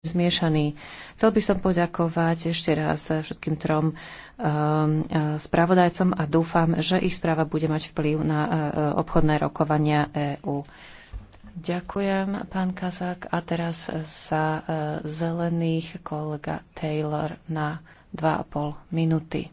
zmiešaný. Chcel by som poďakovať ešte raz všetkým trom um, uh, spravodajcom a dúfam, že ich správa bude mať vplyv na uh, obchodné rokovania EÚ. Ďakujem, pán Kazák. A teraz za uh, zelených kolega Taylor na 2,5 minúty.